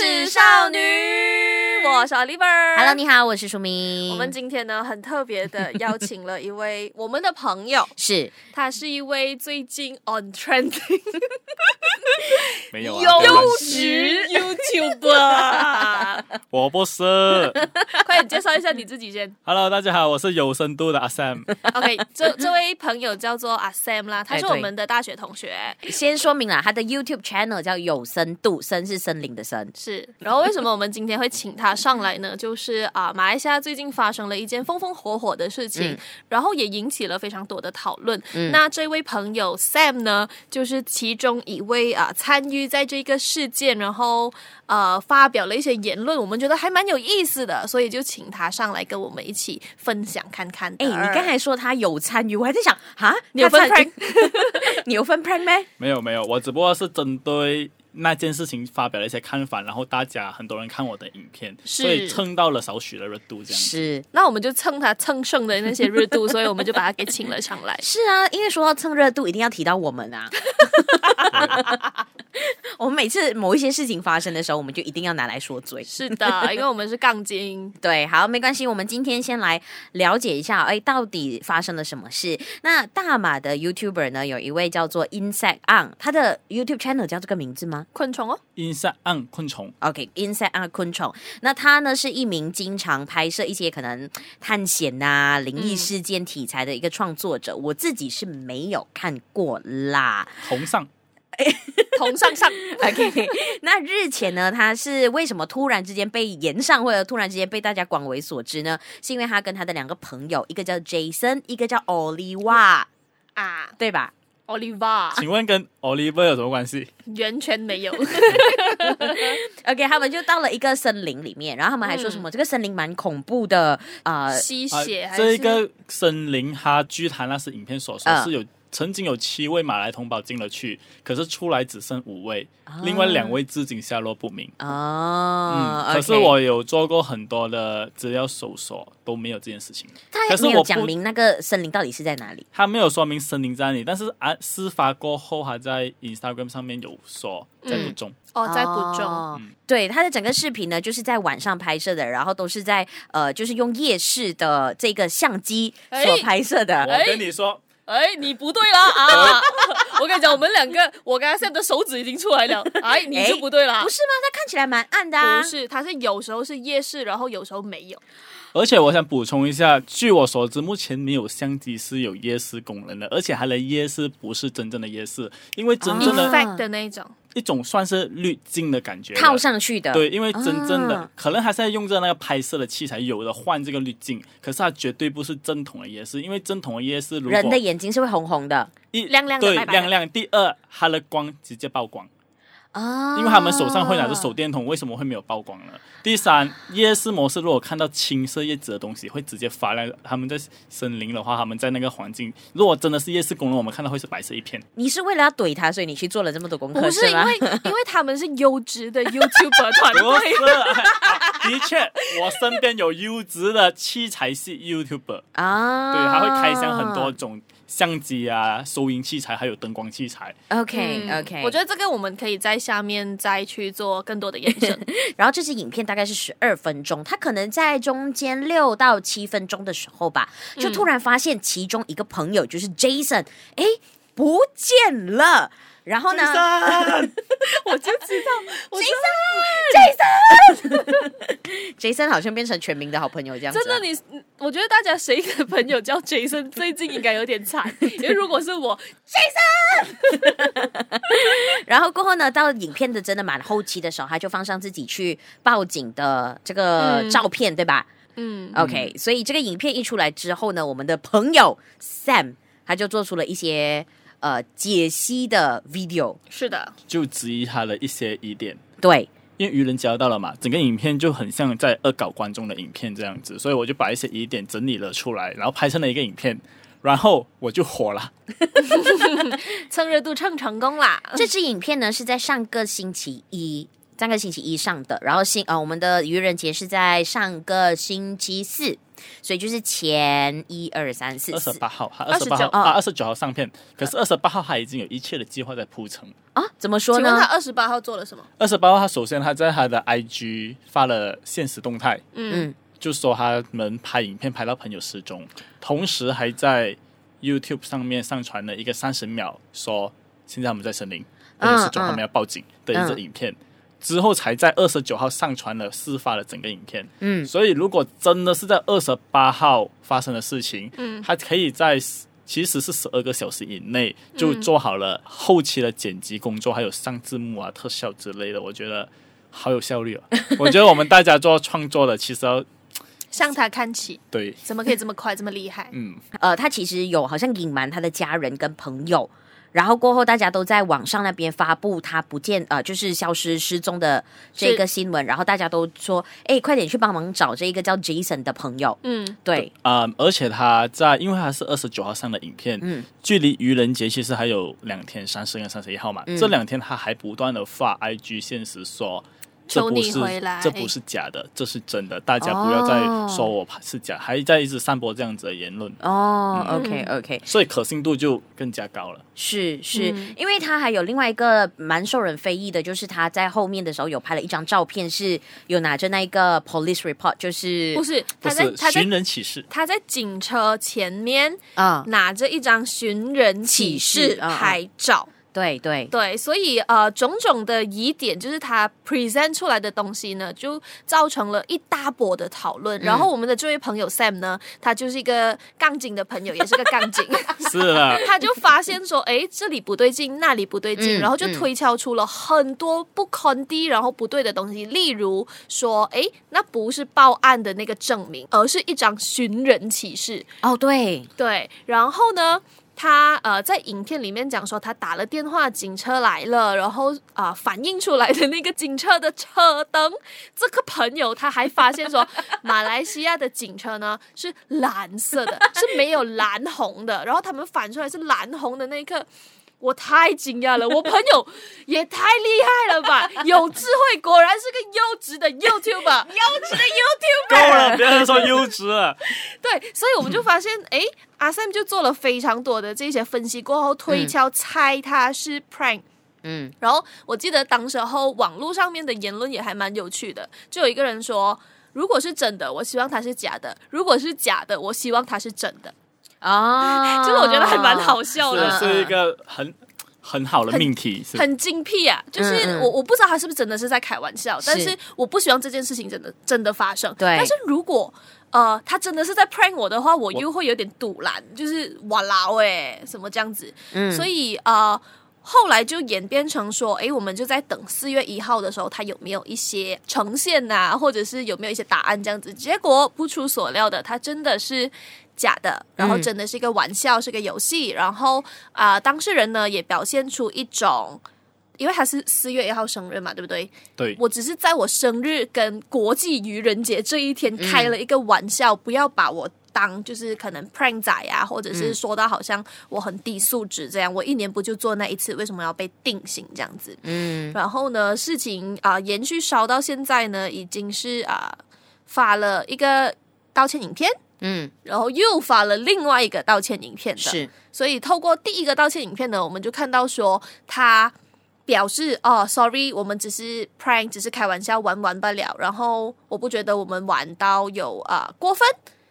是少女，我是 Oliver。Hello，你好，我是舒明。我們今天呢，很特別的邀請了一位我們的朋友， 是。他是一位最近 on trending。 沒有有森？YouTuber？我不是。快點介紹一下你自己先。Hello，大家好，我是有森度的阿 Sam。OK，這這位朋友叫做阿 Sam 啦，他是我們的大學同學。哎、 先說明了他的 YouTube channel 叫有森度，森是森林的森， 是。然後為什麼我們今天會請他上來呢？就是啊，馬來西亞最近發生了一件風風火火的事情、嗯，然後也引起了非常多的討論、嗯。那這位朋友 Sam 呢，就是其中一位。啊啊，參與在這個事件，然後呃，發表了一些言論，我們覺得還蠻有意思的，所以就請他上來跟我們一起分享看看。哎，你剛才說他有參與，我還在想，哈，你有分 prank 你有分 prank 嗎？沒有沒有，我只不過是針對。那件事情發表了一些看法，然後大家很多人看我的影片，是，所以蹭到了少許的熱度，這樣是。那我們就蹭他蹭剩的那些熱度， 所以我們就把他給請了上來。 是啊，因為說到蹭熱度，一定要提到我們啊。 我們每次某一些事情發生的時候，我們就一定要拿來說嘴。 是的，因為我們是槓精。 對，好，沒關係。我們今天先來了解一下，哎，到底發生了什麼事？那大馬的 YouTuber 呢，有一位叫做 Insect On，他的 YouTube Channel 叫這個名字嗎？昆蟲哦，Insect On 昆蟲。OK，Insect On 昆蟲。那他呢，是一名經常拍攝一些可能探險啊、靈異事件題材的一個創作者、嗯。我自己是沒有看過啦。同上。 同上上，OK。那日前呢，他是為什麼突然之間被炎上，或者突然之間被大家廣為所知呢？是因為他跟他的兩個朋友，一個叫 Jason，一個叫 Oliver 啊，對吧？Oliver，請問跟 Oliver 有什麼關係？完全沒有。 OK，他們就到了一個森林裡面，然後他們還說什麼、嗯、這個森林蠻恐怖的啊、呃，吸血還是？是、啊、一個森林，他據他那是影片所說是有。呃曾經有七位馬來同胞進了去，可是出來只剩五位，oh. 另外兩位至今下落不明。Oh, 嗯 okay. 可是我有做過很多的資料搜索，都沒有這件事情。他還是有講明那個森林到底是在哪裡。他沒有說明森林在哪裡，但是啊事發過後，還在 Instagram 上面有說在不中。哦、嗯，oh, 在不中、oh. 嗯。對，他的整個視頻呢，就是在晚上拍攝的，然後都是在呃，就是用夜視的這個相機所拍攝的。Hey. Hey. 我跟你說。Hey. 哎，你不對啦！啊， 我跟你講，我們兩個，我剛剛現在的手指已經出來了， 哎，你就不對啦，哎。不是嗎？它看起來蠻暗的，啊，不是，它是有時候是夜視，然後有時候沒有。而且我想補充一下，據我所知，目前沒有相機是有夜視功能的。而且，它的夜視不是真正的夜視，因為真正的的那一種一種算是濾鏡的感覺的，套上去的。對，因為真正的、Oh. 可能還是要用着那個拍攝的器材，有的換這個濾鏡，可是它絕對不是正統的夜視，因為正統的夜視人的眼睛是會紅紅的，一亮亮的，對，亮亮白白。第二，它的光直接曝光。啊！因為他們手上會拿着手電筒、啊，為什麼會沒有曝光呢？第三，夜視模式如果看到青色葉子的東西會直接發亮。他們在森林的話，他們在那個環境，如果真的是夜視功能，我們看到會是白色一片。你是為了要懟他，所以你去做了這麼多功課是，是因為 因為他們是優質的 YouTuber 團隊、啊。的確，我身邊有優質的器材系 YouTuber 啊，對，他會開箱很多種。相機啊，收音器材，還有燈光器材。OK、嗯、OK，我覺得這個我們可以在下面再去做更多的驗證 然後這支影片大概是十二分鐘，它可能在中間六到七分鐘的時候吧，就突然發現其中一個朋友就是 Jason，哎、嗯欸，不見了。然後呢，Jason， 我就知道，Jason，Jason，Jason Jason 好像變成全民的好朋友這樣子。真的你，你我覺得大家誰的朋友叫 Jason，最近應該有點慘， 因為如果是我，Jason。 然後過後呢，到影片的真的蠻後期的時候，他就放上自己去報警的這個、嗯、照片，對吧？嗯，OK 嗯。所以這個影片一出來之後呢，我們的朋友 Sam 他就做出了一些。呃，解析的 video 是的，就質疑他的一些疑點，對，因為愚人節到了嘛，整個影片就很像在惡搞觀眾的影片這樣子，所以我就把一些疑點整理了出來，然後拍成了一個影片，然後我就火了，蹭 熱度蹭成功啦。這支影片呢，是在上個星期一，上個星期一上的，然後星啊、哦，我們的愚人節是在上個星期四，所以就是前一二三四二十八號，二十八號二十九號上片。可是二十八號他已經有一切的計劃在鋪成啊？怎麼說呢？他二十八號做了什麼？二十八號他首先他在他的 IG 發了限時動態，嗯，就說他們拍影片拍到朋友失蹤、嗯，同時還在 YouTube 上面上傳了一個三十秒說現在我們在森林，失、嗯、蹤他們要報警的一則影片。嗯嗯之後才在二十九號上傳了事發的整個影片。嗯，所以如果真的是在二十八號發生的事情，嗯，他可以在其實是十二個小時以內就做好了後期的剪輯工作，嗯，還有上字幕啊、特效之類的。我覺得好有效率啊！ 我覺得我們大家做創作的，其實要向他看齊。對，怎麼可以這麼快，這麼厲害？嗯，呃，他其實有好像隱瞞他的家人跟朋友。然後過後，大家都在網上那邊發佈他不見，呃，就是消失失蹤的這個新聞。然後大家都說，哎、欸，快點去幫忙找這一個叫 Jason 的朋友。嗯，對。啊、嗯，而且他在，因為他是二十九號上的影片，嗯，距離愚人節其實還有兩天，三十跟三十一號嘛、嗯。這兩天他還不斷的發 IG 限時說。這不是你回來，這不是假的，這是真的。大家不要再說我怕是假、哦，還在一直散播這樣子的言論。哦、嗯，OK OK，所以可信度就更加高了。是是、嗯，因為他還有另外一個蠻受人非議的，就是他在後面的時候有拍了一張照片，是有拿着那一個 police report，就是不是他在尋人啟事，他在警車前面啊，拿着一張尋人啟事拍照。嗯嗯對對對，所以呃，種種的疑點就是他 present 出來的東西呢，就造成了一大波的討論。嗯、然後我們的這位朋友 Sam 呢，他就是一個槓精的朋友， 也是個槓精，是啊， 他就發現說，哎，這裡不對勁，那裡不對勁、嗯嗯，然後就推敲出了很多不肯定，然後不對的東西。例如說，哎，那不是報案的那個證明，而是一張尋人啟事。哦，對對，然後呢？他呃，在影片裡面講說，他打了電話，警車來了，然後啊、呃，反映出來的那個警車的車燈，這個朋友他還發現說，馬來西亞的警車呢 是藍色的，是沒有藍紅的，然後他們反出來是藍紅的那一刻。我太驚訝了，我朋友也太厲害了吧！ 有智慧，果然是個優質的 YouTuber，優 質的 YouTuber。夠了，別人說優質， 對，所以我們就發現，哎，阿 Sam 就做了非常多的這些分析過後、嗯、推敲猜他是 Prank，嗯，然後我記得當時候網絡上面的言論也還蠻有趣的，就有一個人說，如果是真的，我希望他是假的；如果是假的，我希望他是真的。啊， 就是我覺得還蠻好笑的，是，是一個很很好的命題，很是是，很精闢啊。就是我我不知道他是不是真的是在開玩笑，嗯嗯，但是我不希望這件事情真的真的發生。對，但是如果呃他真的是在 prank 我的話，我又會有點堵攔，就是哇啦哎、欸、什麼這樣子。嗯，所以呃後來就演變成說，哎、欸、我們就在等四月一號的時候，他有沒有一些呈現吶、啊，或者是有沒有一些答案這樣子。結果不出所料的，他真的是。假的，然後真的是一個玩笑，嗯、是個遊戲。然後啊、呃，當事人呢也表現出一種，因為他是四月一號生日嘛，對不對？對，我只是在我生日跟國際愚人節這一天開了一個玩笑，嗯，不要把我當就是可能 prank 仔啊，或者是說到好像我很低素質這樣。嗯，我一年不就做那一次，為什麼要被定型這樣子？嗯。然後呢，事情啊、呃、延續燒到現在呢，已經是啊、呃、發了一個道歉影片。嗯，然後又發了另外一個道歉影片的是，所以透過第一個道歉影片呢，我們就看到說，他表示哦，sorry，我們只是 prank，只是開玩笑玩玩罷了。然後我不覺得我們玩到有啊、呃、過分，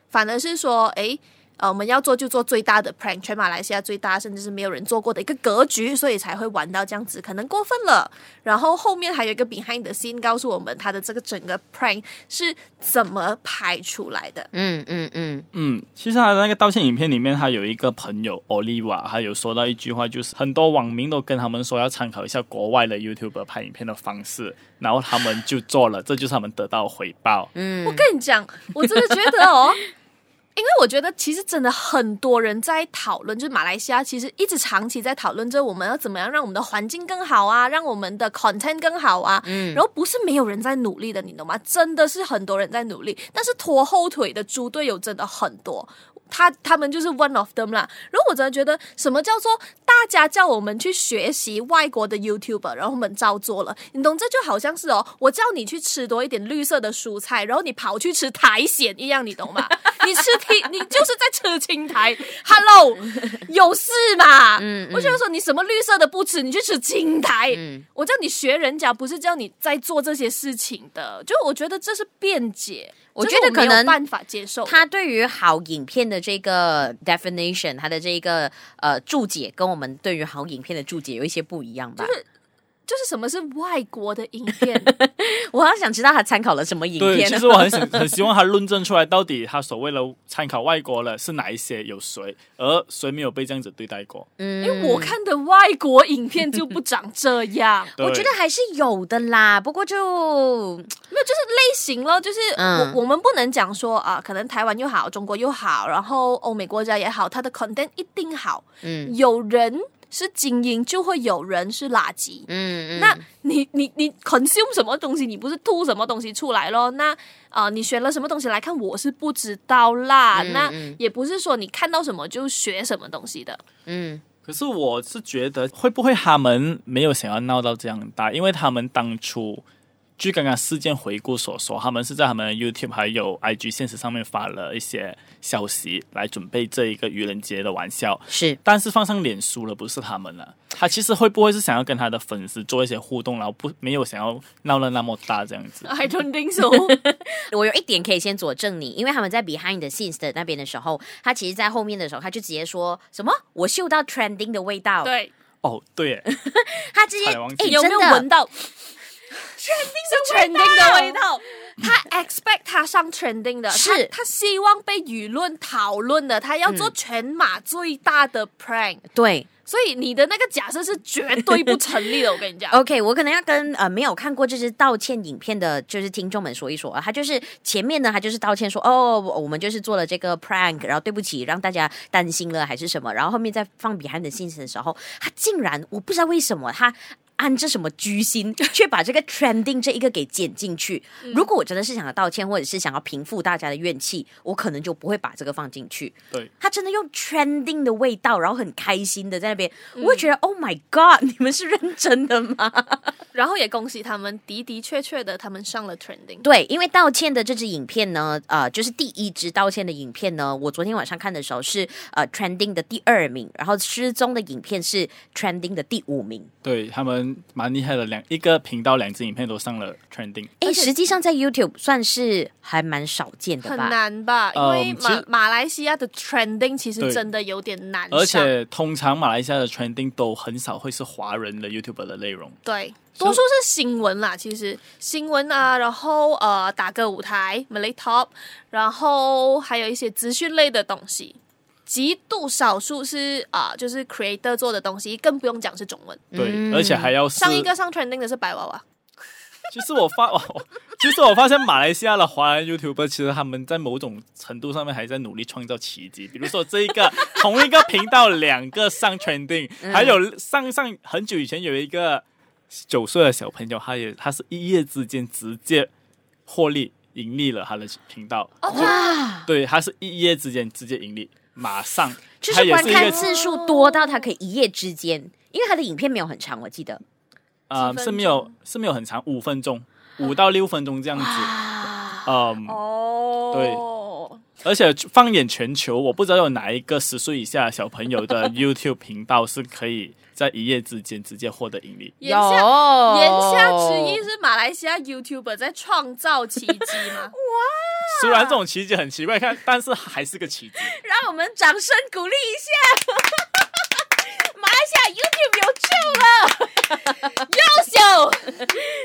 反而是說，誒。呃，我們要做就做最大的 prank，全馬來西亞最大，甚至是沒有人做過的一個格局，所以才會玩到這樣子，可能過分了。然後後面還有一個 Behind the Scene 告訴我們他的這個整個 prank 是怎麼拍出來的。嗯嗯嗯嗯，其實他的那個道歉影片裡面，他有一個朋友 Oliva，他有說到一句話，就是很多網民都跟他們說要參考一下國外的 YouTuber 拍影片的方式，然後他們就做了， 這就是他們得到的回報。嗯，我跟你講，我真的覺得哦。 因為我覺得，其實真的很多人在討論，就是馬來西亞其實一直長期在討論，就我們要怎麼樣讓我們的環境更好啊，讓我們的 content 更好啊。嗯，然後不是沒有人在努力的，你懂嗎？真的是很多人在努力，但是拖後腿的豬隊友真的很多。他他們就是 one of them 啦。然後我真的覺得什麼叫做大家叫我們去學習外國的 YouTuber，然後我們照做了。你懂，這就好像是哦，我叫你去吃多一點綠色的蔬菜，然後你跑去吃苔蘚一樣，你懂嗎？ 你吃青，你就是在吃青苔。 Hello，有事嗎？嗯嗯、我就說你什麼綠色的不吃，你去吃青苔、嗯。我叫你學人家，不是叫你在做這些事情的。就我覺得這是辯解。我覺得可能他對於好影片的這個 definition，他的這個，definition 他的這個呃註解跟我們對於好影片的註解有一些不一樣吧。就是就是什麼是外國的影片？ 我好像想知道他參考了什麼影片。其實我很想很希望他論證出來，到底他所謂的參考外國了是哪一些，有誰，而誰沒有被這樣子對待過。嗯，因為我看的外國影片就不長這樣， 我覺得還是有的啦。不過就沒有就是類型咯，就是、嗯、我我們不能講說啊、呃，可能台灣又好，中國又好，然後歐美國家也好，他的 content 一定好。嗯，有人。是精英就會有人是垃圾，嗯，嗯，那你你你 consume 什麼東西，你不是吐什麼東西出來咯？那啊、呃，你學了什麼東西來看，我是不知道啦、嗯。那也不是說你看到什麼就學什麼東西的，嗯。可是我是覺得，會不會他們沒有想要鬧到這樣大？因為他們當初。據剛剛事件回顧所說，他們是在他們 YouTube 還有 IG 現實上面發了一些消息，來準備這一個愚人節的玩笑。是，但是放上臉書了，不是他們了。他其實會不會是想要跟他的粉絲做一些互動，然後不沒有想要鬧得那麼大這樣子 I don't think so， 我有一點可以先佐證你，因為他們在 Behind the Scenes 的那邊的時候，他其實在後面的時候，他就直接說什麼“我嗅到 Trending 的味道”。對，哦、oh，對耶， 他直接誒，有沒有聞到？ Trending 是 trending 的味道。 他 expect 他上 trending 的，是他他希望被輿論討論的，他要做全馬最大的 prank。嗯、對，所以你的那個假設是絕對不成立的。 我跟你講，OK，我可能要跟呃沒有看過這支道歉影片的，就是聽眾們說一說啊。他就是前面呢，他就是道歉說哦，我們就是做了這個 prank，然後對不起讓大家擔心了還是什麼，然後後面在放 behind the scenes 的時候，他竟然我不知道為什麼他。安着什麼居心，卻把這個 trending 這一個給剪進去。如果我真的是想要道歉，或者是想要平復大家的怨氣，我可能就不會把這個放進去。對，他真的用 trending 的味道，然後很開心的在那邊，我會覺得、嗯、Oh my God，你們是認真的嗎？然後也恭喜他們，的的確確的，他們上了 trending。對，因為道歉的這支影片呢，呃，就是第一支道歉的影片呢，我昨天晚上看的時候是呃 trending 的第二名，然後失蹤的影片是 trending 的第五名。對，他們。蠻厲害的，兩一個頻道，兩隻影片都上了 trending。哎，實際上在 YouTube 算是還蠻少見的吧？很難吧？因為馬、嗯、馬來西亞的 trending 其實真的有點難。而且通常馬來西亞的 trending 都很少會是華人的 YouTuber 的內容。對，多數是新聞啦，其實新聞啊，然後呃，打歌舞台 Malay Top，然後還有一些資訊類的東西。極度少數是啊、呃，就是 creator 做的東西，更不用講是中文。對，嗯、而且還要上一個上 trending 的是白娃娃。其、就、實、是、我發，其 實 我發現馬來西亞的華人 YouTuber，其實他們在某種程度上面還在努力創造奇蹟。比如說這一個 同一個頻道兩個上 trending，、嗯、還有上上很久以前有一個九歲的小朋友，他也他是一夜之間直接獲利盈利了他的頻道。哇、哦啊！對，他是一夜之間直接盈利。馬上，就是觀看次數多到他可以一夜之間、哦，因為他的影片沒有很長，我記得，呃，是沒有是沒有很長，五分鐘，哦、五到六分鐘這樣子，嗯、啊呃，哦，對。而且放眼全球，我不知道有哪一個十歲以下小朋友的 YouTube 頻道是可以在一夜之間直接獲得盈利。 言下言下之意是馬來西亞 YouTuber 在創造奇蹟嗎？ 哇！雖然這種奇蹟很奇怪，看，但是還是個奇蹟。 讓我們掌聲鼓勵一下。 有了 優秀，優秀了，優秀，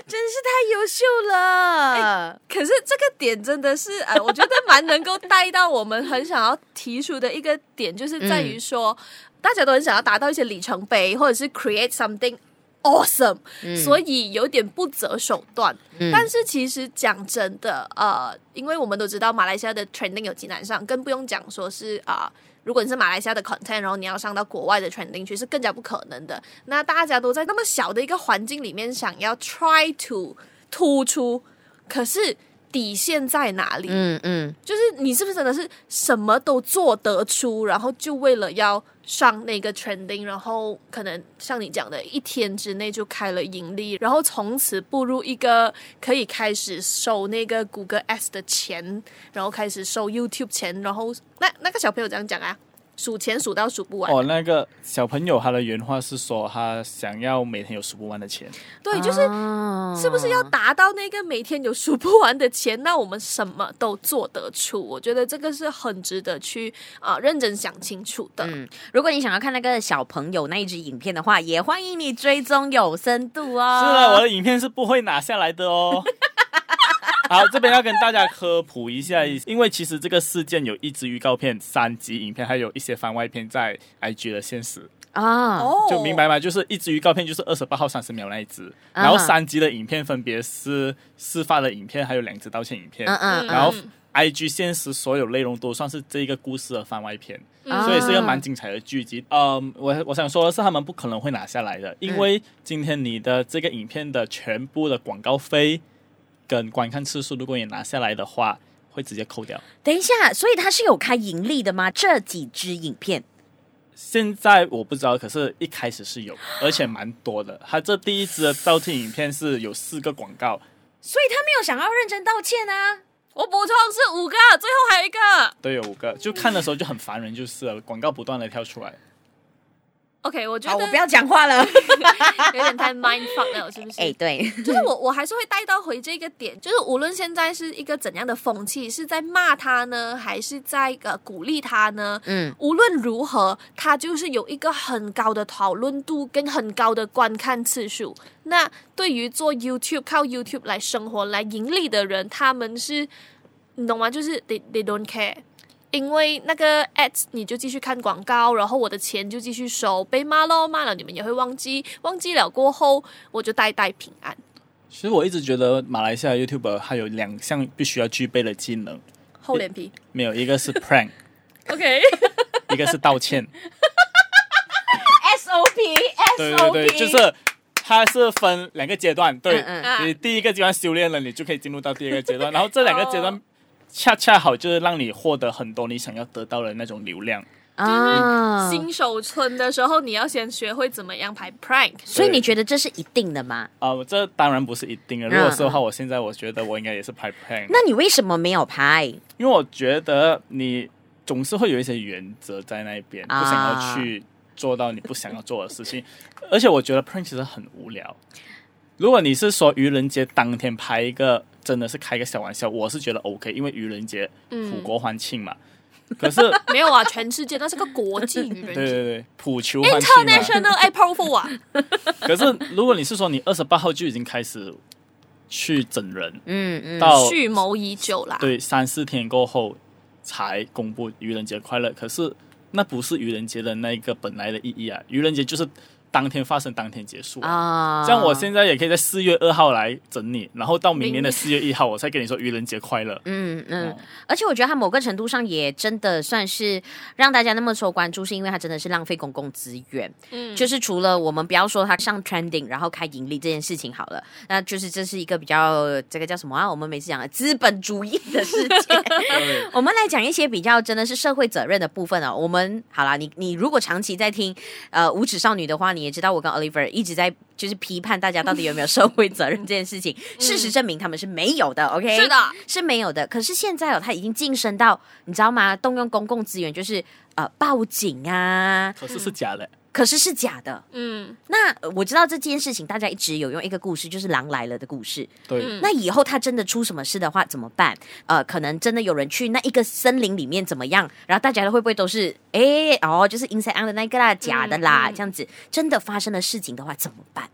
真是太優秀了、 哎。可是這個點真的是、啊，我覺得蠻能夠帶到我們很想要提出的一個點，就是在於說， 大家都很想要達到一些里程碑，或者是 create something。Awesome、嗯、所以有點不擇手段。嗯。但是其實講真的，呃，因為我們都知道馬來西亞的 trending 有幾難上，更不用講說是啊、呃，如果你是馬來西亞的 content，然後你要上到國外的 trending 去是更加不可能的。那大家都在那麼小的一個環境裡面，想要 try to 突出，可是。底線在哪裡？嗯嗯，就是你是不是真的是什麼都做得出，然後就為了要上那個 trending，然後可能像你講的，一天之內就開了盈利，然後從此步入一個可以開始收那個 Google S 的錢，然後開始收 YouTube 錢，然後那那個小朋友這樣講啊？數錢數到數不完。哦，那個小朋友他的原話是說，他想要每天有數不完的錢。對，就是是不是要達到那個每天有數不完的錢？那我們什麼都做得出。我覺得這個是很值得去、呃、認真想清楚的、嗯。如果你想要看那個小朋友那一支影片的話，也歡迎你追蹤有深度哦。是啊，我的影片是不會拿下來的哦。 好，這邊要跟大家科普一下， 因為其實這個事件有一支預告片、三集影片，還有一些番外片在 I G 的現實啊，就明白嗎？就是一支預告片就是二十八號三十秒那一支，啊，然後三集的影片分別是事發的影片，還有兩支道歉影片，嗯嗯，然後 I G 現實所有內容都算是這個故事的番外片，嗯、所以是一個蠻精彩的劇集。嗯，um, 我我想說的是，他們不可能會拿下來的，因為今天你的這個影片的全部的廣告費。跟觀看次數，如果你拿下來的話，會直接扣掉。等一下，所以他是有開盈利的嗎？這幾支影片？現在我不知道，可是一開始是有，而且蠻多的。他這第一支的道歉影片是有四個廣告， 所以他沒有想要認真道歉啊。我補充是五個，最後還一個，對，有五個，就看的時候就很煩人，就是廣告不斷的跳出來。OK，我覺得，好，我不要講話了， 有點太 mind fuck 了，是不是？哎，對，就是我，我還是會帶到回這個點，就是無論現在是一個怎樣的風氣，是在罵他呢，還是在呃鼓勵他呢？嗯，無論如何，他就是有一個很高的討論度跟很高的觀看次數。那對於做 YouTube，靠 YouTube 來生活，來盈利的人，他們是，你懂嗎？就是 they they don't care。因為那個 ads 你就繼續看廣告，然後我的錢就繼續收，被罵咯罵了，你們也會忘記，忘記了過後，我就代代平安。其實我一直覺得馬來西亞 YouTuber 他有兩項必須要具備的技能：厚臉皮，沒有一個是 prank。 OK，一個是道歉。 SOP，SOP 對，對，對，就是它是分兩個階段，對嗯嗯，你第一個階段修煉了，你就可以進入到第二個階段，然後這兩個階段。 oh. 恰恰好就是讓你獲得很多你想要得到的那種流量。啊！嗯、新手村的時候，你要先學會怎麼樣拍 prank。所以你覺得這是一定的嗎？啊、呃，這當然不是一定的。嗯、如果說的話，我現在我覺得我應該也是拍 prank、嗯、 那你為什麼沒有拍？因為我覺得你總是會有一些原則在那邊，不想要去做到你不想要做的事情。啊、 而且我覺得 prank 其實很無聊。如果你是說愚人節當天拍一個。真的是開個小玩笑，我是覺得 OK，因為愚人節普國歡慶嘛。嗯、可是 沒有啊，全世界都是個國際愚人節，對對對，普球歡慶嘛。International April Fool 啊。 可是如果你是說你二十八號就已經開始去整人，嗯嗯到，蓄謀已久啦。對，三四天過後才公布愚人節快樂，可是那不是愚人節的那一個本來的意義啊。愚人節就是。當天發生，當天結束啊！這樣我現在也可以在四月二號來整你，然後到明年的四月一號，我再跟你說愚人節快樂。嗯嗯，嗯，而且我覺得他某個程度上也真的算是讓大家那麼受關注，是因為他真的是浪費公共資源。嗯，就是除了我們不要說他上 trending，然後開盈利這件事情好了，那就是這是一個比較這個叫什麼啊？我們每次講的資本主義的世界， 我們來講一些比較真的是社會責任的部分啊。我們好啦，你你如果長期在聽呃無尺少女的話，你。也知道我跟 Oliver 一直在就是批判大家到底有沒有社會責任這件事情、 嗯，事實證明他們是沒有的。OK，是的，是沒有的。可是現在哦，他已經晉升到你知道嗎？動用公共資源就是呃報警啊，可是是假的。 可是是假的，嗯，那我知道這件事情，大家一直有用一個故事，就是狼來了的故事。對，那以後他真的出什麼事的話怎麼辦？呃，可能真的有人去那一個森林裡面怎麼樣？然後大家會不會都是哎哦，就是 inside out 的那個啦，假的啦、嗯、這樣子？真的發生了事情的話怎麼辦？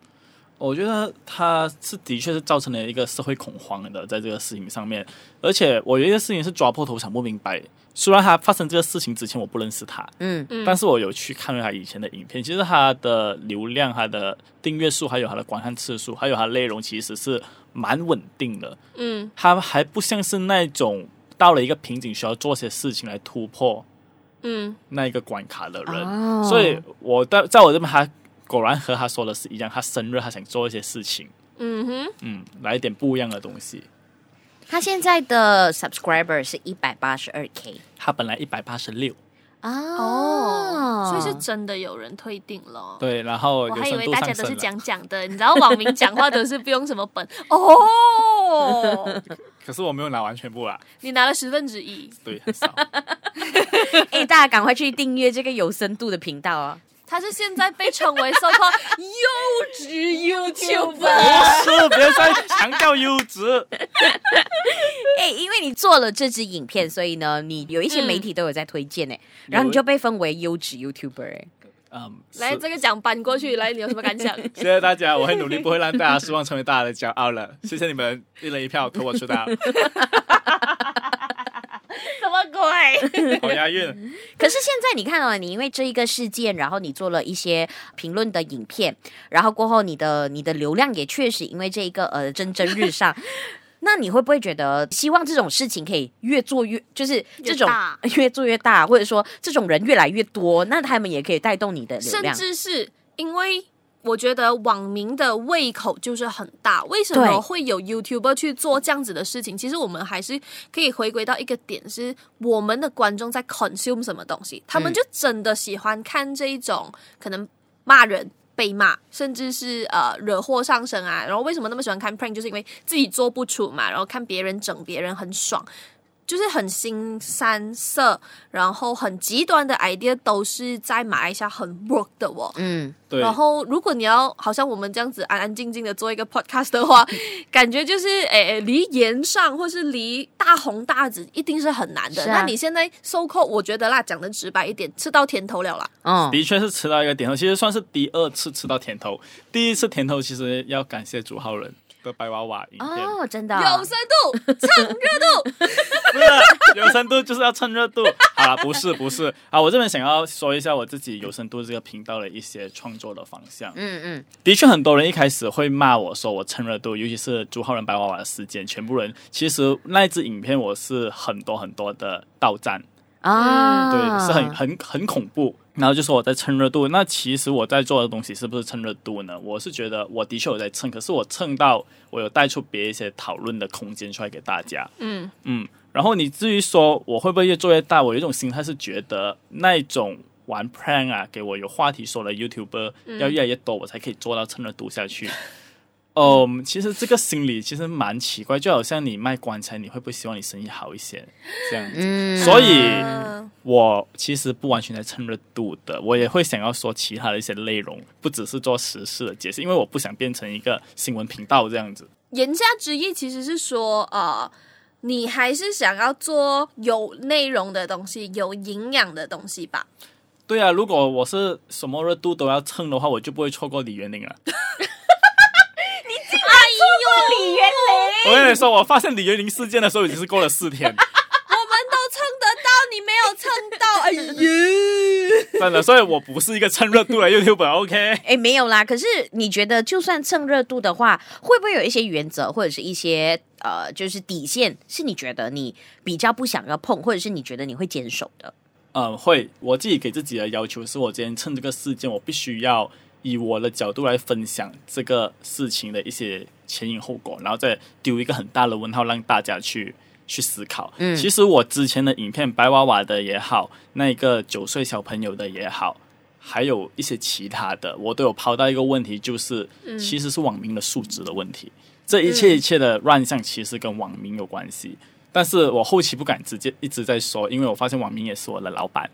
我覺得他是的確是造成了一個社會恐慌的，在這個事情上面，而且我有一個事情是抓破頭想不明白。雖然他發生這個事情之前我不認識他，嗯，但是我有去看了他以前的影片，其實他的流量、他的訂閱數、還有他的觀看次數，還有他的內容，其實是蠻穩定的。嗯，他還不像是那種到了一個瓶頸需要做些事情來突破，嗯，那一個關卡的人。所以我在在我這邊還。果然和他說的是一樣，他生日，他想做一些事情。嗯哼，嗯，來一點不一樣的東西。他現在的 subscriber 是一百八十二 k，他本來一百八十六哦，所以是真的有人退訂了。對，然後有了，我還以為大家都是講講的，你知道網民講話都是不用什麼本哦。 可是我沒有拿完全部啊，你拿了十分之一，對，很少。哎， 大家趕快去訂閱這個有森度的頻道啊！他是現在被稱為 so-called 優質 YouTuber？不是，不要 再強調優質。哎、 欸，因為你做了這支影片，所以呢，你有一些媒體都有在推薦哎、欸嗯，然後你就被封為優質 YouTuber 哎、欸嗯。來，這個獎頒過去，來，你有什麼感想？ 謝謝大家，我會努力，不會讓大家失望，成為大家的驕傲了。謝謝你們一人一票投我出道。 什麼鬼？好押韻。可是現在你看哦，你因為這一個事件，然後你做了一些評論的影片，然後過後你的你的流量也確實因為這一個而蒸蒸日上。 那你會不會覺得，希望這種事情可以越做越，就是這種越做越大，或者說這種人越來越多，那他們也可以帶動你的流量，甚至是因為。我覺得網民的胃口就是很大，為什麼會有 YouTuber 去做這樣子的事情？其實我們還是可以回歸到一個點是，是我們的觀眾在 consume 什麼東西，他們就真的喜歡看這一種、嗯、可能罵人、被罵，甚至是呃惹禍上身啊。然後為什麼那麼喜歡看 prank，就是因為自己做不出嘛，然後看別人整別人很爽。就是很新三色，然後很極端的 idea 都是在馬來西亞很 work 的哦。嗯，對。然後如果你要好像我們這樣子安安靜靜的做一個 podcast 的話， 感覺就是誒、哎，離炎上或是離大紅大紫一定是很難的。啊、那你現在收口，我覺得啦，講得直白一點，吃到甜頭了啦。嗯，的確是吃到一個甜頭，其實算是第二次吃到甜頭。第一次甜頭其實要感謝主號人。的白娃娃哦，oh, 真的，啊、有森度蹭熱度， 不是，啊、有深度就是要蹭熱度啊？不是不是啊！我這邊想要說一下我自己有森度這個頻道的一些創作的方向。嗯嗯，的確很多人一開始會罵我說我蹭熱度，尤其是朱浩然白娃娃事件，全部人其實那一支影片我是很多很多的倒讚。啊，對，是很很很恐怖。然後就說我在蹭熱度，那其實我在做的東西是不是蹭熱度呢？我是覺得我的確有在蹭，可是我蹭到我有帶出別一些討論的空間出來給大家。嗯嗯。然後你至於說我會不會越做越大？我有一種心態是覺得那種玩 prank 啊，給我有話題說的 YouTuber 要越來越多，我才可以做到蹭熱度下去。嗯 哦、um,，其實這個心理其實蠻奇怪，就好像你賣棺材，你會不會希望你生意好一些這樣，嗯、所以，呃，我其實不完全在蹭熱度的，我也會想要說其他的一些內容，不只是做時事的解釋，因為我不想變成一個新聞頻道這樣子。言下之意其實是說，呃，你還是想要做有內容的東西，有營養的東西吧？對啊，如果我是什麼熱度都要蹭的話，我就不會錯過李元玲了。 李元、哦、我跟你說，我發現李元林事件的時候已經是過了四天。 我們都蹭得到，你沒有蹭到，哎呀，算了，所以我不是一個蹭熱度的 YouTuber，OK？、Okay? 哎、欸，沒有啦。可是你覺得，就算蹭熱度的話，會不會有一些原則，或者是一些呃，就是底線，是你覺得你比較不想要碰，或者是你覺得你會堅守的？嗯、呃，會。我自己給自己的要求是，我今天蹭這個事件，我必須要。以我的角度來分享這個事情的一些前因後果，然後再丟一個很大的問號，讓大家去去思考。嗯。其實我之前的影片白娃娃的也好，那個九歲小朋友的也好，還有一些其他的，我都有拋到一個問題，就是其實是網民的素質的問題。嗯。這一切一切的亂象，其實跟網民有關係。但是我後期不敢直接一直在說，因為我發現網民也是我的老闆。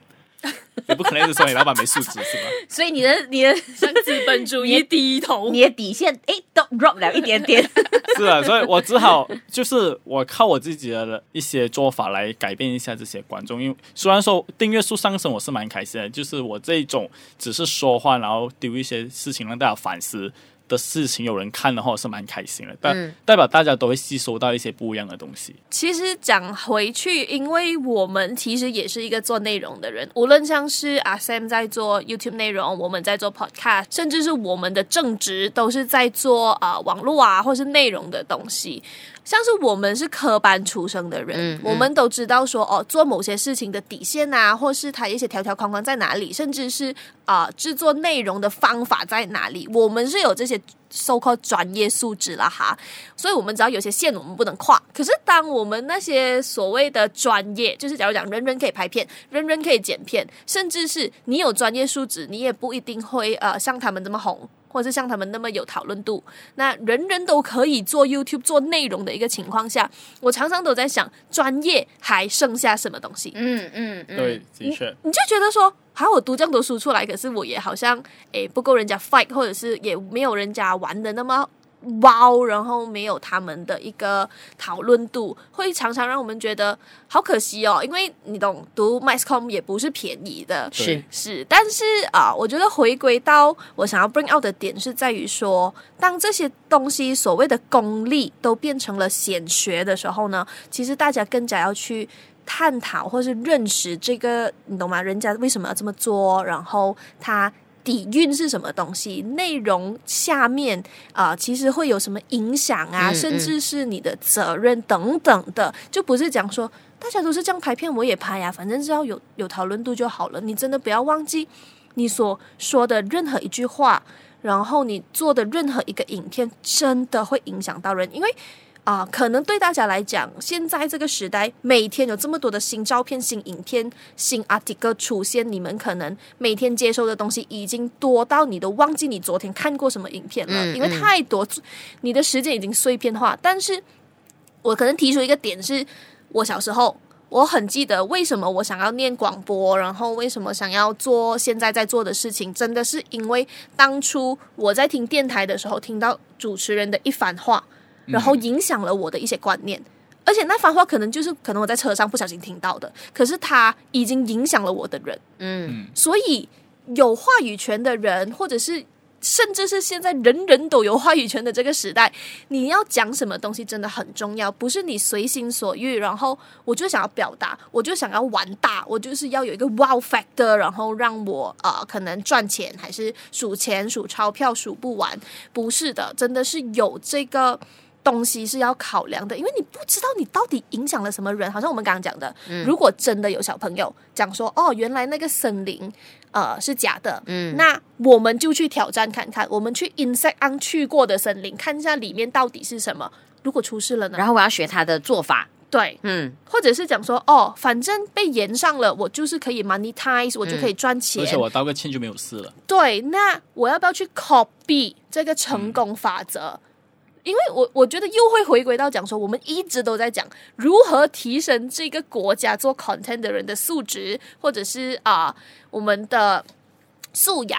你不可能是說你老板沒素質 是吧？所以你的你的資本主義低頭， 你的, 你的底線哎都弱了一點點 。是啊，所以我只好就是我靠我自己的一些做法來改變一下這些觀眾。因為雖然說訂閱數上升，我是蠻開心的。就是我這種只是說話，然後丟一些事情讓大家反思。事情有人看的話我是蠻開心的，但代表大家都會吸收到一些不一樣的東西，嗯。其實講回去，因為我們其實也是一個做內容的人，無論像是阿 Sam 在做 YouTube 內容，我們在做 Podcast，甚至是我們的正職都是在做啊、呃、網絡啊或是內容的東西。像是我們是科班出身的人，嗯嗯、我們都知道說哦，做某些事情的底線啊，或是他一些條條框框在哪裡，甚至是啊、呃、製作內容的方法在哪裡，我們是有這些 so-called 專業素質啦。哈。所以，我們知道有些線我們不能跨。可是，當我們那些所謂的專業，就是假如講人人可以拍片，人人可以剪片，甚至是你有專業素質，你也不一定會呃像他們這麼紅。或是像他們那麼有討論度，那人人都可以做 YouTube 做內容的一個情況下，我常常都在想，專業還剩下什麼東西？嗯嗯，對、嗯，的確，你就覺得說，好，我讀這麼多書出來，可是我也好像誒不夠人家 fight，或者是也沒有人家玩的那麼。包、wow，然後沒有他們的一個討論度，會常常讓我們覺得好可惜哦。因為你懂，讀 MassCom 也不是便宜的，是是。但是啊，我覺得回歸到我想要 bring out 的點，是在於說，當這些東西所謂的功利都變成了顯學的時候呢，其實大家更加要去探討或是認識這個，你懂嗎？人家為什麼要這麼做？然後他。底蘊是什麼東西？內容下面啊、呃，其實會有什麼影響啊、嗯，甚至是你的責任等等的，嗯、就不是講說大家都是這樣拍片，我也拍啊，反正只要有有討論度就好了。你真的不要忘記，你所說的任何一句話，然後你做的任何一個影片，真的會影響到人，因為。啊，可能對大家來講，現在這個時代，每天有這麼多的新照片、新影片、新 article 出現，你們可能每天接收的東西已經多到你都忘記你昨天看過什麼影片了，嗯嗯、因為太多，你的時間已經碎片化。但是，我可能提出一個點是，我小時候我很記得為什麼我想要念廣播，然後為什麼想要做現在在做的事情，真的是因為當初我在聽電台的時候，聽到主持人的一番話。然後影響了我的一些觀念，嗯、而且那番話可能就是可能我在車上不小心聽到的，可是它已經影響了我的人。嗯，所以有話語權的人，或者是甚至是現在人人都有話語權的這個時代，你要講什麼東西真的很重要，不是你隨心所欲，然後我就想要表達，我就想要玩大，我就是要有一個 wow factor，然後讓我啊、呃、可能賺錢還是數錢、數鈔票、數不完，不是的，真的是有這個。東西是要考量的，因為你不知道你到底影響了什麼人。好像我們剛剛講的、嗯，如果真的有小朋友講說，哦，原來那個森林，呃，是假的，嗯，那我們就去挑戰看看，我們去 Insect 安去過的森林，看一下裡面到底是什麼。如果出事了呢？然後我要學他的做法，對，嗯，或者是講說，哦，反正被延上了，我就是可以 monetize，我就可以賺錢，嗯、而且我道個歉就沒有事了。對，那我要不要去 copy 這個成功法則？嗯因為我我覺得又會回歸到講說，我們一直都在講如何提升這個國家做 content 的人的素質，或者是啊、呃、我們的素養。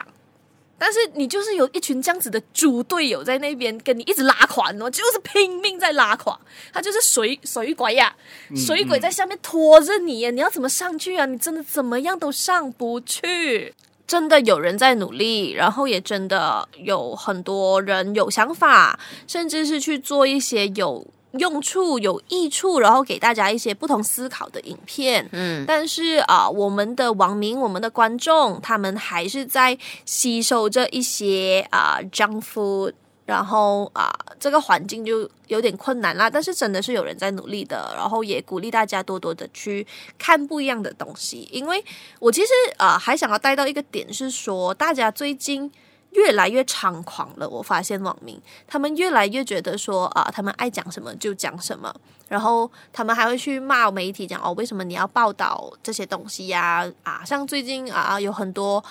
但是你就是有一群這樣子的豬隊友在那邊跟你一直拉垮，你就是拼命在拉垮，他就是水水鬼呀，水鬼在下面拖着你，你要怎麼上去啊？你真的怎麼樣都上不去。真的有人在努力，然後也真的有很多人有想法，甚至是去做一些有用處、有益處，然後給大家一些不同思考的影片。嗯，但是啊，uh, 我們的網民、我們的觀眾，他們還是在吸收着一些啊，uh, junk food 然後啊，這個環境就有點困難啦。但是真的是有人在努力的，然後也鼓勵大家多多的去看不一樣的東西。因為我其實啊，還想要帶到一個點是說，大家最近越來越猖狂了。我發現網民他們越來越覺得說啊，他們愛講什麼就講什麼，然後他們還會去罵媒體，講哦，為什麼你要報道這些東西呀？啊，啊，像最近啊，有很多。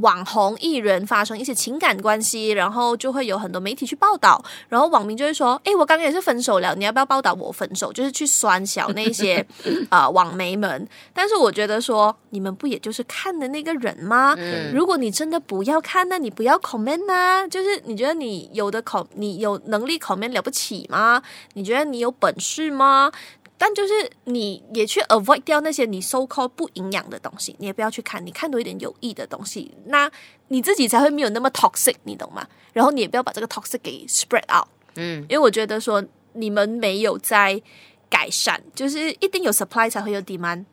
網紅藝人發生一些情感關係，然後就會有很多媒體去報道，然後網民就會說：“誒、欸，我剛剛也是分手了，你要不要報道我分手？”就是去酸小那些啊、 呃、網媒們。但是我覺得說，你們不也就是看的那個人嗎？嗯、如果你真的不要看呢，那你不要 comment 啊！就是你覺得你有的口，你有能力 comment 了不起嗎？你覺得你有本事嗎？但就是你也去 avoid 掉那些你 so-called 不營養的東西，你也不要去看，你看多一點有益的東西，那你自己才會沒有那麼 toxic，你懂嗎？然後你也不要把這個 toxic 給 spread out，嗯，因為我覺得說你們沒有在改善，就是一定有 supply 才會有 demand。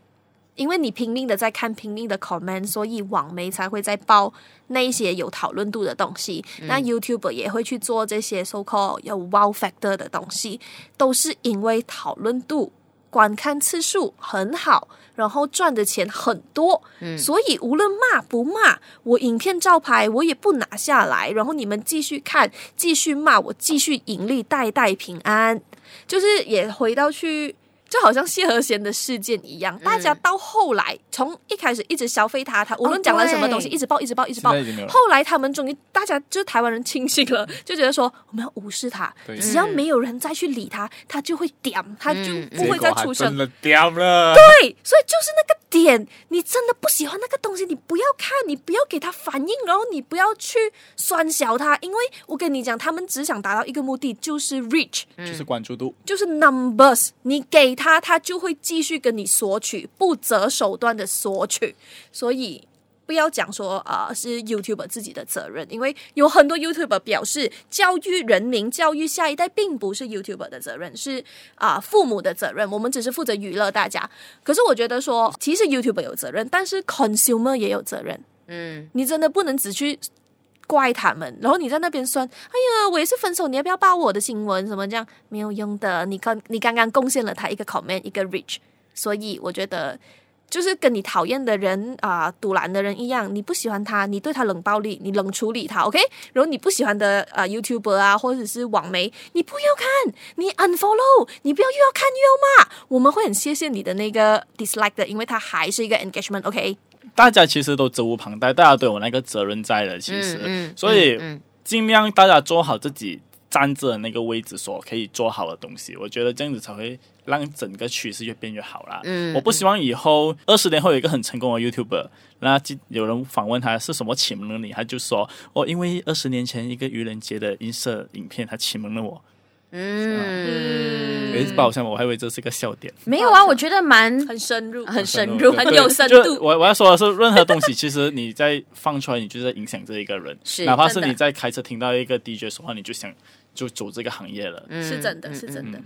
因為你拼命的在看，拼命的 comment，所以網媒才會在報那一些有討論度的東西。嗯、那 YouTuber 也會去做這些 so-called 有 wow factor 的東西，都是因為討論度、觀看次數很好，然後賺的錢很多。嗯、所以無論罵不罵，我影片照牌，我也不拿下來。然後你們繼續看，繼續罵我，繼續盈利，代代平安。就是也回到去。就好像謝和弦的事件一樣，大家到後來、嗯，從一開始一直消費他，他無論講了什麼東西，一直爆，一直爆，一直爆。後來他們終於，大家就是台灣人清醒了，就覺得說我們要無視他，只要沒有人再去理他，他就會掉，他就不會再出聲。嗯嗯、了。對，所以就是那個。點，你真的不喜歡那個東西，你不要看，你不要給他反應，然後你不要去酸小他，因為我跟你講，他們只想達到一個目的，就是 reach，就是關注度，就是 numbers，你給他，他就會繼續跟你索取，不擇手段的索取，所以。不要講說啊、呃，是 YouTuber 自己的責任，因為有很多 YouTuber 表示教育人民、教育下一代並不是 YouTuber 的責任，是啊、呃、父母的責任。我們只是負責娛樂大家。可是我覺得說，其實 YouTuber 有責任，但是 consumer 也有責任。嗯，你真的不能只去怪他們，然後你在那邊說：“哎呀，我也是分手，你要不要報我的新聞？”什麼這樣沒有用的。你剛你剛剛貢獻了他一個 comment，一個 reach，所以我覺得。就是跟你討厭的人啊、呃、堵攔的人一樣，你不喜歡他，你對他冷暴力，你冷處理他，OK。然後你不喜歡的啊，呃，YouTuber 啊，或者是網媒，你不要看，你 unfollow，你不要又要看又要罵。我們會很謝謝你的那個 dislike 的，因為他還是一個 engagement，OK。大家其實都責無旁貸，大家都有那個責任在的，其實。嗯、嗯。所以嗯嗯、盡量大家做好自己。站着那個位置，所可以做好的東西，我覺得這樣子才會讓整個趨勢越變越好啦。嗯，我不希望以後二十、嗯、年後有一個很成功的 YouTuber，那有人訪問他是什麼啟蒙了你？他就說：“哦，因為二十年前一個愚人節的音色影片，他啟蒙了我。嗯”嗯，也、嗯、是不好笑，我還以為這是個笑點。沒有啊，我覺得蠻很深入，很深入，很深入 很有深度。我我要說的是，任何東西，其實你在放出來，你就在影響這一個人。是， 哪怕是你在開車聽到一個 DJ 說話，你就想。就走這個行業了、嗯，是真的，是真的。嗯嗯，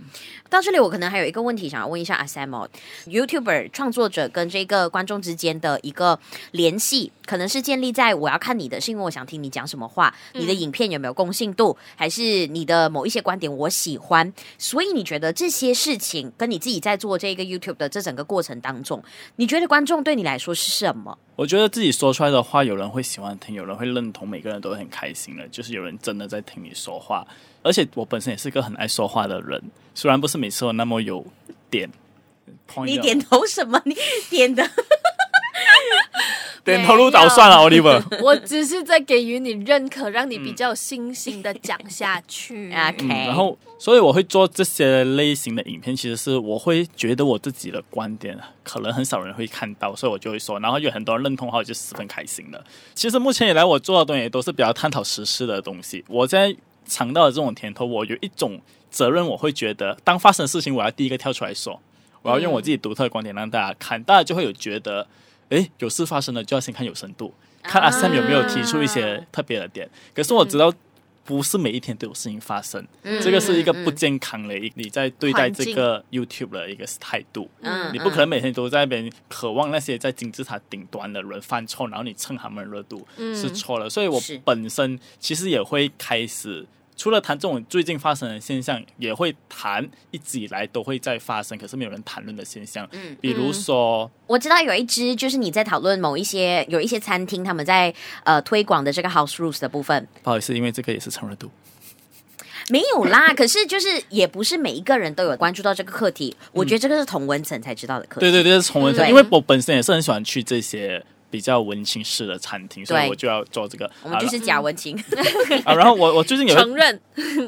到這裡，我可能還有一個問題想要問一下阿 s m 哦，YouTuber 創作者跟這個觀眾之間的一個聯繫，可能是建立在我要看你的，是因為我想聽你講什麼話、嗯，你的影片有沒有共信度，還是你的某一些觀點我喜歡？所以你覺得這些事情跟你自己在做這個 YouTube 的這整個過程當中，你覺得觀眾對你來說是什麼？我覺得自己說出來的話，有人會喜歡聽，有人會認同，每個人都很開心的。就是有人真的在聽你說話，而且我本身也是一個很愛說話的人，雖然不是每次都那麼有點。 你點頭什麼？你點的。點頭如搗蒜了，Oliver。我只是在給予你認可， 讓你比較有信心的講下去。 OK、嗯。然後，所以我會做這些類型的影片，其實是我會覺得我自己的觀點可能很少人會看到，所以我就會說。然後有很多人認同的話，我就十分開心了。其實目前以來我做的東西都是比較探討時事的東西。我現在嘗到了這種甜頭，我有一種責任，我會覺得當發生的事情，我要第一個跳出來說，我要用我自己獨特的觀點讓大家看、嗯，大家就會有覺得。哎，有事發生了就要先看有森度，看阿 Sam 有沒有提出一些特別的點。嗯、可是我知道，不是每一天都有事情發生，嗯、這個是一個不健康的、嗯、你在對待這個 YouTube 的一個態度。你不可能每天都在那邊渴望那些在金字塔頂端的人犯錯，然後你蹭他們的熱度，是錯了、嗯。所以我本身其實也會開始。除了談這種最近發生的現象，也會談一直以來都會再發生，可是沒有人談論的現象。嗯，比如說，嗯、我知道有一支就是你在討論某一些有一些餐廳他們在呃推廣的這個 house rules 的部分。不好意思，因為這個也是蹭熱度。沒有啦， 可是就是也不是每一個人都有關注到這個課題。我覺得這個是同文層才知道的課題。嗯、對，對對對，是同文層，因為我本身也是很喜歡去這些。比較文青式的餐廳，所以我就要做這個。我們就是假文青。啊， 啊然後我我最近有承認，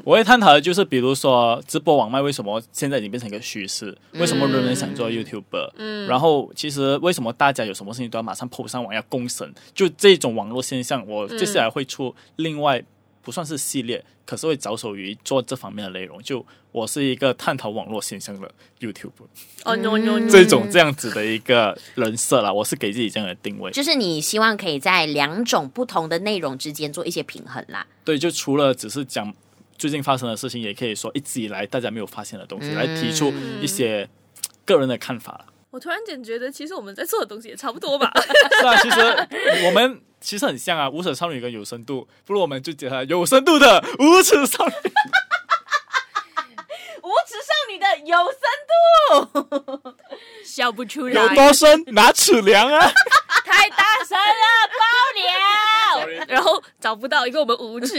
我會探討的就是，比如說直播網賣為什麼現在已經變成一個趨勢，為什麼人人想做 YouTuber？嗯，然後其實為什麼大家有什麼事情都要馬上 po 上網要公審，就這種網絡現象，我接下來會出另外。不算是系列，可是會着手於做這方面的內容。就我是一個探討網絡現象的 YouTuber 哦，oh, no, no, no, no. 這種這樣子的一個人設啦，我是給自己這樣的定位。就是你希望可以在兩種不同的內容之間做一些平衡啦。對，就除了只是講最近發生的事情，也可以說一直以來大家沒有發現的東西，mm. 來提出一些個人的看法。我突然間覺得，其實我們在做的東西也差不多吧。是啊，其實我們。其實很像啊，無尺少女跟有森度，不如我們就叫她有森度的無尺少女， 無尺少女的有森度。 笑不出來，有多深？ 拿尺量啊！太大聲了， 爆了！然後找不到，一個我們無尺，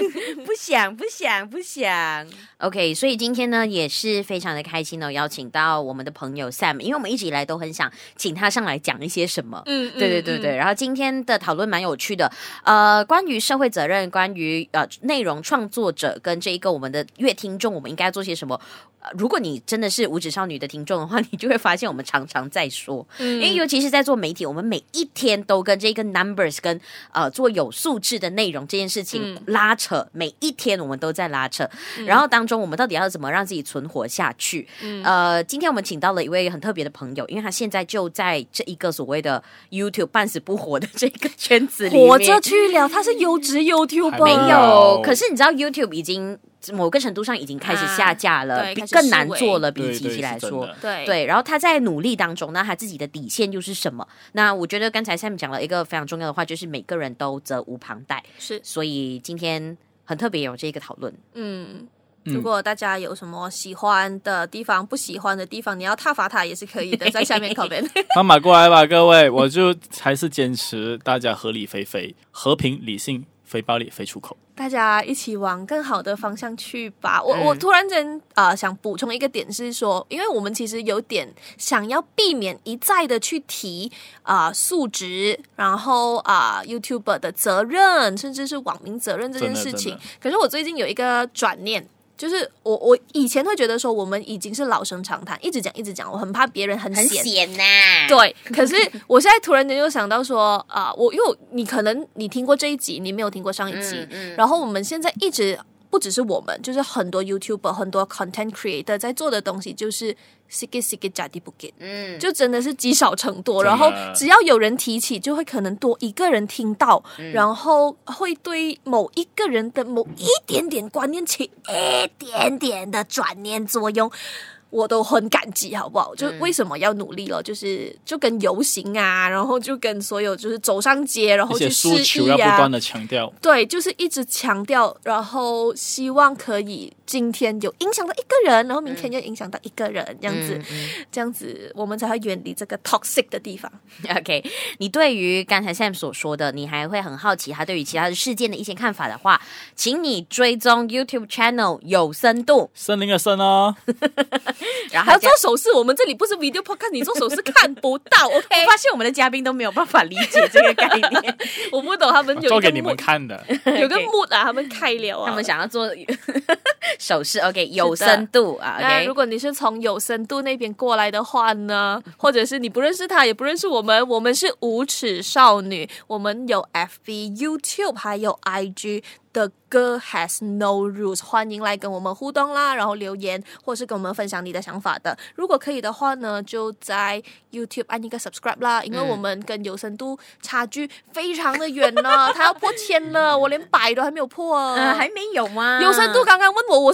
不想，不想，不想。OK，所以今天呢，也是非常的開心哦，邀請到我們的朋友 Sam，因為我們一直以來都很想請他上來講一些什麼。嗯，對對對對，對、嗯。然後今天的討論蠻有趣的，呃，關於社會責任，關於呃內容創作者跟這一個我們的閱聽眾，我們應該做些什麼、呃？如果你真的是無尺少女的聽眾的話，你。就會發現，我們常常在說，嗯，因為尤其是在做媒體，我們每一天都跟這個 numbers 跟呃做有素質的內容這件事情拉扯，嗯，每一天我們都在拉扯。嗯、然後當中，我們到底要怎麼讓自己存活下去，嗯？呃，今天我們請到了一位很特別的朋友，因為他現在就在這一個所謂的 YouTube 半死不活的這個圈子裡，活着去了。他是優質 YouTuber，沒有。可是你知道 YouTube 已經。某個程度上已經開始下架了，啊、更難做了，比起起來說對對，對。然後他在努力當中，那他自己的底線又是什麼？那我覺得剛才 Sam 講了一個非常重要的話，就是每個人都責無旁貸。是，所以今天很特別有這個討論。嗯，如果大家有什麼喜歡的地方、不喜歡的地方，你要撻伐他也是可以的，在下面 comment，罵過來吧，各位，我就還是堅持大家合理、非非、 和平、理性。飛包裡飛出口，大家一起往更好的方向去吧。我我突然間啊、呃，想補充一個點是說，因為我們其實有點想要避免一再的去提啊、呃、素質，然後啊、呃、YouTuber 的責任，甚至是網民責任這件事情。可是我最近有一個轉念。就是我，我以前會覺得說我們已經是老生常談，一直講一直講，我很怕別人很顯吶、啊。對，可是我現在突然間又想到說啊、呃，我因為你可能你聽過這一集，你沒有聽過上一集，嗯嗯、然後我們現在一直。不只是我們，就是很多 YouTuber、很多 Content Creator 在做的東西，就是 “sikit-sikit, jadi bukit”，嗯，就真的是積少成多。啊，然後只要有人提起，就會可能多一個人聽到，嗯、然後會對某一個人的某一點點觀念起一點點的轉念作用。我都很感激，好不好？就為什麼要努力了？嗯，就是就跟遊行啊，然後就跟所有就是走上街，然後去示威啊。對，就是一直強調，然後希望可以。今天就影響到一個人，然後明天又影響到一個人，這樣子，嗯嗯，這樣子，我們才會遠離這個 toxic 的地方。OK，你對於剛才 Sam 所說的，你還會很好奇他對於其他的事件的一些看法的話，請你追蹤 YouTube channel 有森度，森林的森哦。 然後還他要做手勢，我們這裡不是 video podcast，你做手勢看不到。OK， 我發現我們的嘉賓都沒有辦法理解這個概念， 我不懂他們做給你們看的，有個木啊，他們開了啊，他們想要做。 手勢 OK，有森度啊。OK，如果你是從有森度那邊過來的話呢，或者是你不認識他，也不認識我們，我們是無尺少女，我們有 FB、YouTube 還有 IG The Girl has no rules，歡迎來跟我們互動啦，然後留言或是跟我們分享你的想法的。如果可以的話呢，就在 YouTube 按一個 Subscribe 啦，因為我們跟有森度差距非常的遠呢、啊嗯，他要破千了， 我連百都還沒有破、啊呃，還沒有嗎、啊？有森度剛剛問我我。